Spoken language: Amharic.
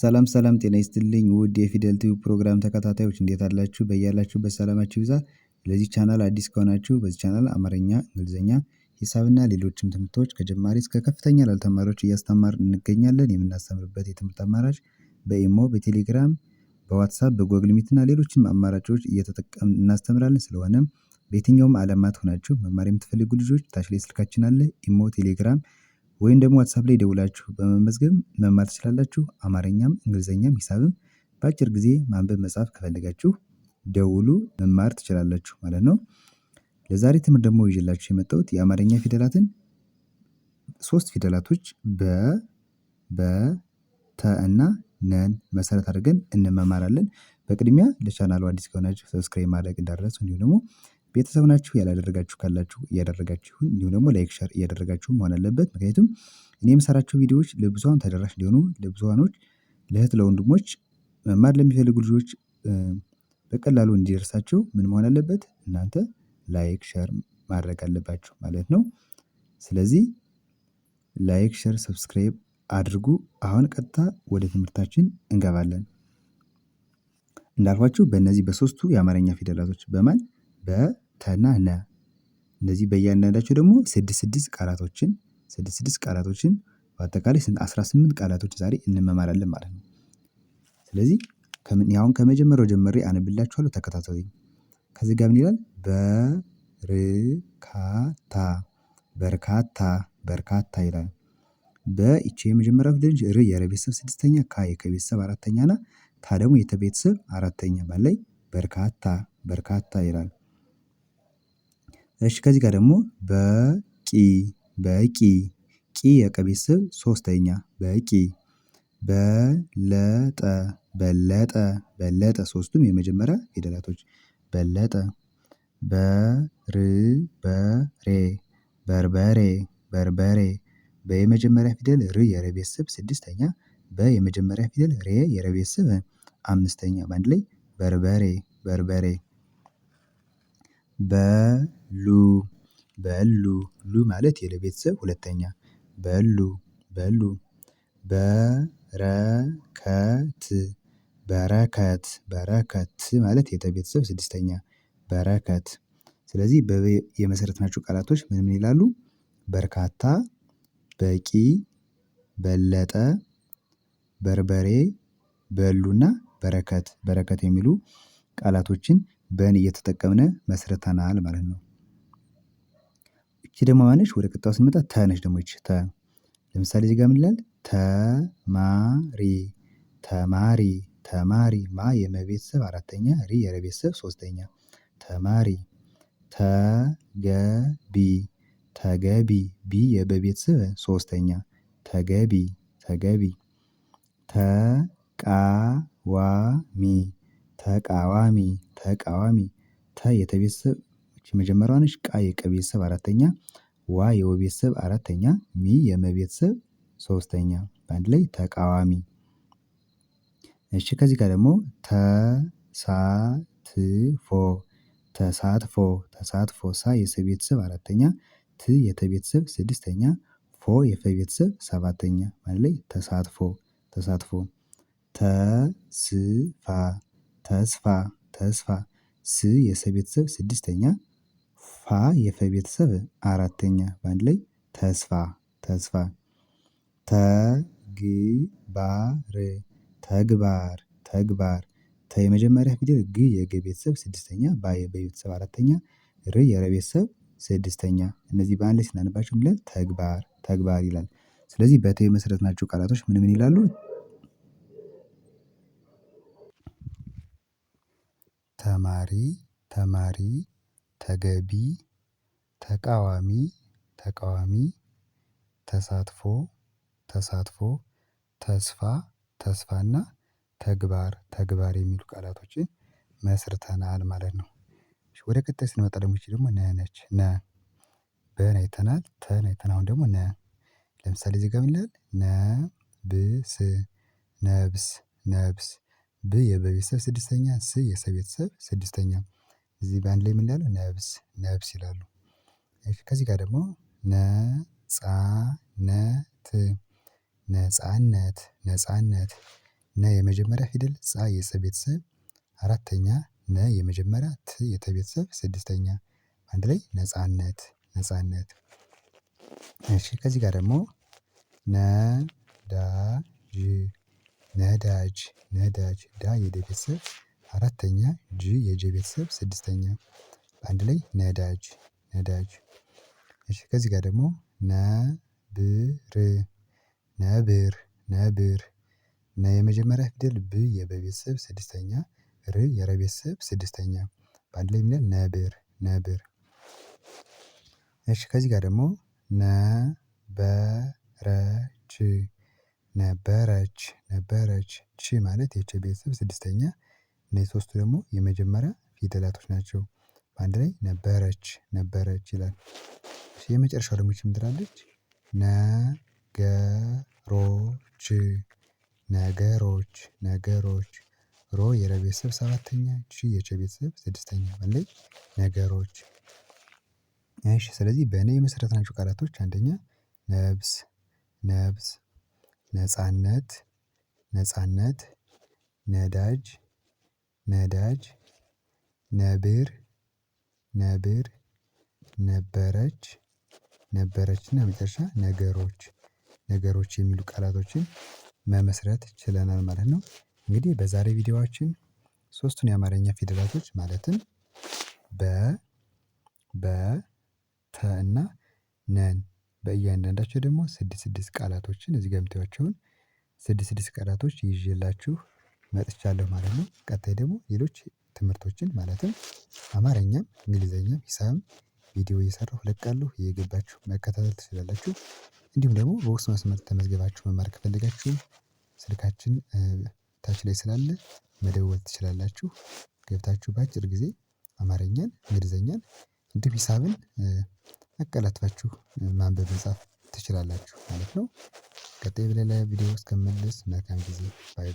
ሰላም ሰላም ጤና ይስጥልኝ ውድ የፊደል ቲዩብ ፕሮግራም ተከታታዮች እንዴት አላችሁ? በያላችሁበት ሰላማችሁ ይብዛ። ለዚህ ቻናል አዲስ ከሆናችሁ በዚህ ቻናል አማርኛ፣ እንግሊዝኛ፣ ሂሳብና ሌሎችም ትምህርቶች ከጀማሪ እስከ ከፍተኛ ላልተማሪዎች እያስተማር እንገኛለን። የምናስተምርበት የትምህርት አማራጭ በኢሞ፣ በቴሌግራም፣ በዋትሳፕ፣ በጎግል ሚትና ሌሎችም አማራጮች እየተጠቀም እናስተምራለን። ስለሆነም በየትኛውም አለማት ሆናችሁ መማር የምትፈልጉ ልጆች ታች ላይ ስልካችን አለ። ኢሞ፣ ቴሌግራም ወይም ደግሞ ዋትሳፕ ላይ ደውላችሁ በመመዝገብ መማር ትችላላችሁ። አማርኛም እንግሊዘኛም ሂሳብም በአጭር ጊዜ ማንበብ መጻፍ ከፈለጋችሁ ደውሉ መማር ትችላላችሁ ማለት ነው። ለዛሬ ትምህርት ደግሞ ይዤላችሁ የመጣሁት የአማርኛ ፊደላትን ሶስት ፊደላቶች በ በ ተ እና ነን መሰረት አድርገን እንመማራለን። በቅድሚያ ለቻናሉ አዲስ ከሆናችሁ ሰብስክራይብ ማድረግ እንዳረሱ እንዲሁም ደግሞ ቤተሰብ ናችሁ ያላደረጋችሁ ካላችሁ እያደረጋችሁን እንዲሁም ደግሞ ላይክ ሸር እያደረጋችሁ መሆን አለበት። ምክንያቱም እኔ የምሰራቸው ቪዲዮዎች ለብዙሀን ተደራሽ እንዲሆኑ ለብዙሀኖች፣ ለእህት ለወንድሞች መማር ለሚፈልጉ ልጆች በቀላሉ እንዲደርሳቸው ምን መሆን አለበት? እናንተ ላይክ ሸር ማድረግ አለባችሁ ማለት ነው። ስለዚህ ላይክ ሸር ሰብስክራይብ አድርጉ። አሁን ቀጥታ ወደ ትምህርታችን እንገባለን። እንዳልኳችሁ በእነዚህ በሶስቱ የአማርኛ ፊደላቶች በማን በ ተና ነ እነዚህ በእያንዳንዳቸው ደግሞ ስድስት ስድስት ቃላቶችን ስድስት ስድስት ቃላቶችን በአጠቃላይ አስራ ስምንት ቃላቶች ዛሬ እንመማራለን ማለት ነው። ስለዚህ ከምን አሁን ከመጀመሪያው ጀምሬ አነብላችኋለሁ ተከታተሉኝ። ከዚህ ጋር ምን ይላል? በርካታ በርካታ በርካታ ይላል። በእቼ የመጀመሪያ ፊደል ር የረቤተሰብ ስድስተኛ ካ የከቤተሰብ አራተኛ ና ታ ደግሞ የተቤተሰብ አራተኛ ባል በርካታ በርካታ ይላል እሺ ከዚህ ጋር ደግሞ በቂ በቂ ቂ የቀ ሶስተኛ በቂ በለጠ በለጠ በለጠ ሶስቱም የመጀመሪያ ፊደላቶች በለጠ በርበሬ በርበሬ በርበሬ በየመጀመሪያ ፊደል ር የረ ቤተሰብ ስድስተኛ በየመጀመሪያ ፊደል ሬ የረ ቤተሰብ አምስተኛ በአንድ ላይ በርበሬ በርበሬ በሉ በሉ ሉ ማለት የለቤተሰብ ሁለተኛ በሉ በሉ በረከት በረከት በረከት ማለት የተቤተሰብ ስድስተኛ በረከት ስለዚህ ናቸው ቃላቶች ምን ምን ይላሉ? በርካታ በቂ በለጠ በርበሬ በሉና በረከት በረከት የሚሉ ቃላቶችን በን እየተጠቀምን መስርተናል ማለት ነው። እቺ ደግሞ ማነች? ወደ ቀጣዩ ስንመጣ ተ ደግሞ ይች ተ ለምሳሌ እዚህ ጋር ምን ይላል? ተማሪ ተማሪ ተማሪ ማ የመቤተሰብ አራተኛ ሪ የረቤተሰብ ሶስተኛ ተማሪ ተገቢ ተገቢ ቢ የበቤተሰብ ሶስተኛ ተገቢ ተገቢ ተቃዋሚ ተቃዋሚ ተቃዋሚ ተ የተቤተሰብ መጀመሪያ ነች። ቃ የቀቤተሰብ አራተኛ ዋ የወቤተሰብ አራተኛ ሚ የመቤተሰብ ሶስተኛ በአንድ ላይ ተቃዋሚ። እሺ ከዚህ ጋር ደግሞ ተሳትፎ ተሳትፎ ተሳትፎ ሳ የሰቤተሰብ አራተኛ ት የተቤተሰብ ስድስተኛ ፎ የፈ ሰባተኛ ማለት ላይ ተሳትፎ ተሳትፎ ተስፋ ተስፋ ተስፋ ስ የሰ ቤተሰብ ስድስተኛ ፋ የፈ ቤተሰብ አራተኛ በአንድ ላይ ተስፋ ተስፋ ተግባር ተግባር ተግባር ተ የመጀመሪያ ፊደል ግ የገ ቤተሰብ ስድስተኛ ባ የበ ቤተሰብ አራተኛ ር የረ ቤተሰብ ስድስተኛ እነዚህ በአንድ ላይ ስናነባቸው ምንላል ተግባር ተግባር ይላል። ስለዚህ በተ መሰረት ናቸው ቃላቶች ምን ምን ይላሉ ተማሪ ተማሪ ተገቢ ተቃዋሚ ተቃዋሚ ተሳትፎ ተሳትፎ ተስፋ ተስፋና ተግባር ተግባር የሚሉ ቃላቶችን መስርተናል ማለት ነው። ወደ ቀጣይ ስንመጣ ደግሞ ይቺ ደግሞ ነነች ነ በን አይተናል ተን አይተናል አሁን ደግሞ ነ ለምሳሌ እዚህ ጋር ምን ይላል ነብስ ነብስ ነብስ ብ የበቤተሰብ ስድስተኛ ስ የሰቤተሰብ ስድስተኛ እዚህ በአንድ ላይ ምን ይላሉ ነብስ ነብስ ይላሉ። ከዚህ ጋር ደግሞ ነጻነት ነጻነት ነጻነት ነ የመጀመሪያ ፊደል ጻ የሰቤተሰብ አራተኛ ነ የመጀመሪያ ት የተቤተሰብ ስድስተኛ አንድ ላይ ነጻነት ነጻነት። እሺ ከዚህ ጋር ደግሞ ነ ነዳጅ ነዳጅ ዳ የደ ቤተሰብ አራተኛ ጅ የጀ ቤተሰብ ስድስተኛ በአንድ ላይ ነዳጅ ነዳጅ። እሺ ከዚህ ጋር ደግሞ ነብር ነብር ነብር ነ የመጀመሪያ ፊደል ብ የበ ስድስተኛ ር የረ ስድስተኛ በአንድ ላይ የሚለን ነብር ነብር። እሺ ከዚህ ጋር ደግሞ ነበረች ነበረች ነበረች ቺ ማለት የቺ ቤተሰብ ስድስተኛ እነዚህ ሶስቱ ደግሞ የመጀመሪያ ፊደላቶች ናቸው። በአንድ ላይ ነበረች ነበረች ይላል። የመጨረሻው ደግሞ ይቺ ትላለች? ነገሮች ነገሮች ነገሮች ሮ የረ ቤተሰብ ሰባተኛ ቺ የቸ ቤተሰብ ስድስተኛ በአንድ ላይ ነገሮች። እሺ ስለዚህ የመሰረት ናቸው ቃላቶች አንደኛ ነብስ ነብስ ነጻነት ነጻነት ነዳጅ ነዳጅ ነብር ነብር ነበረች ነበረችና መጨረሻ ነገሮች ነገሮች የሚሉ ቃላቶችን መመስረት ችለናል ማለት ነው። እንግዲህ በዛሬ ቪዲዮአችን ሶስቱን የአማርኛ ፊደላቶች ማለትም በ በ ተ እና ነን በእያንዳንዳቸው ደግሞ ስድስት ስድስት ቃላቶችን እዚህ ገምቴዎቸውን ስድስት ስድስት ቃላቶች ይዤላችሁ መጥቻለሁ ማለት ነው። ቀጣይ ደግሞ ሌሎች ትምህርቶችን ማለትም አማርኛም እንግሊዘኛም ሂሳብም ቪዲዮ እየሰራሁ እለቃለሁ እየገባችሁ መከታተል ትችላላችሁ። እንዲሁም ደግሞ በውስጥ መስመር ተመዝገባችሁ መማር ከፈለጋችሁ ስልካችን ታች ላይ ስላለ መደወል ትችላላችሁ። ገብታችሁ በአጭር ጊዜ አማርኛን እንግሊዘኛን እንዲሁም ሂሳብን አቀላጥፋችሁ ማንበብ መጻፍ ትችላላችሁ ማለት ነው። ቀጣይ በሌላ ቪዲዮ እስከምንመለስ መልካም ጊዜ ባይ ባይ